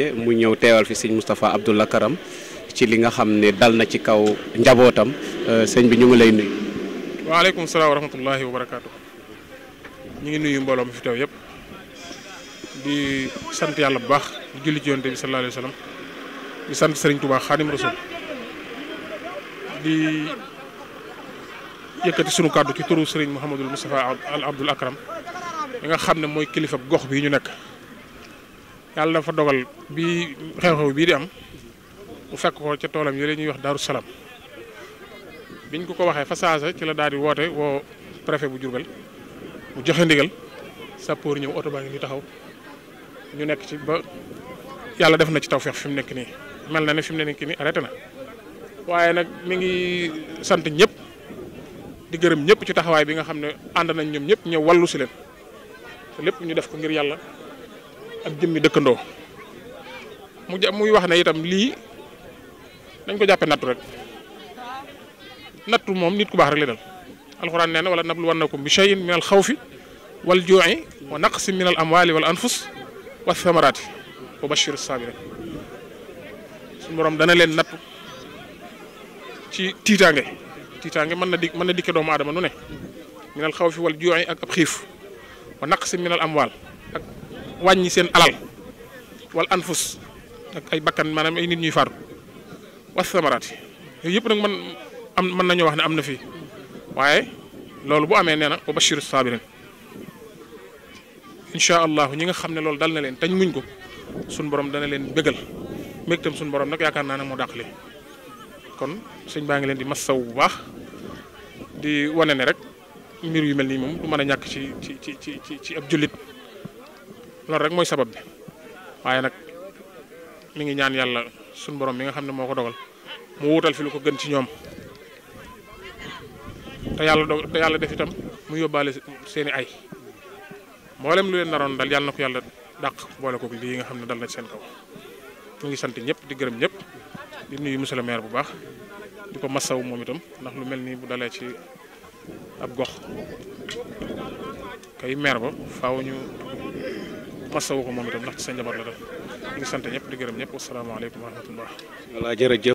mu ñew téwal fi sëñ Moustapha Abdoulla Karam ci li nga xamné dal na ci kaw njabotam euh, sëñ bi ñu ngi lay wa alaykum assalam wa rahmatullahi wa barakatuh ñi ngi nuyu mbolom fi yépp di sant yalla bu baax di julli ci yonte bi sallallahu alayhi wasallam di sant Serigne Touba Khadim Rasoul di yëkëti suñu kaddu ci turu Serigne Mohamedou Moustapha al Abdul Akram nga xam ne kilifa gox bi ñu nek yàlla dafa dogal bi xew-xew bii am mu fekk ko ca toolam yële ñuy wax Daaru Salaam biñ ko ko waxee fa saasa ci la daal di woote woo préfet bu Diourbel mu joxe ndigal sappoor ñëw oto baa taxaw ñu nekk ci yàlla def na ci tawfeex fi mu nekk nii mel na ne fi mu nekk nii arrêté na waaye nag mi ngi sant ñëpp di gërëm ñëpp ci taxawaay bi nga xam ne ànd nañ ñoom ñëpp ñëw wallu si leen lépp ñu def ko ngir yàlla ak jëmmi dëkkandoo mu muy wax ne itam lii dañ ko jàppe nattu rek nattu moom nit ku baax rek la dal alxuraan nee na wala nablu wannakum bi shay'in min al xawfi wal juu'i wa naqsin min al amwali wal anfus wa thamaraati wa bashir saabiriin suñu borom dana leen nattu ci tiitaange tiitaange mën na di mën na dikke doomu aadama nu ne min al xawfi wal juu'i ak ab xiif wa naqsin min al amwal ak wañi sen alal wal anfus ak ay bakkan manam ay nit ñuy faatu was samarat yépp Wa'e man am man nañu wax ni amna fi waye lolu bu amé néna wa bashiru saabirin incha ñi nga xamné lolu dal na leen tañ muñ ko suñ borom dana leen bëggal mektam suñ borom nak yaakar na na mo dakhlé kon sëñ baa ngi di massaw bu baax di wane ne rek mbir yu melni mom du mëna ñak ci ci ci ci ci ab julit loolu rek moy sabab bi waye nak mi ngi ñaan yalla suñu borom mi nga xamne moko dogal mu wutal fi lu ko gën ci ñom ta yalla do ta yalla def itam mu yobale seeni ay mboolem lu leen naron dal yalla na yalla dak bolé ko li nga xamne dal na seen kaw mu ngi sant ñep di gërëm ñep di nuyu monsieur le maire bu baax di massaw mom itam ndax lu mel bu dalé ci ab gox kay maire ba faaw ñu. masawu ko moom itam ndax ci sa njaboot la def ñu ngi sant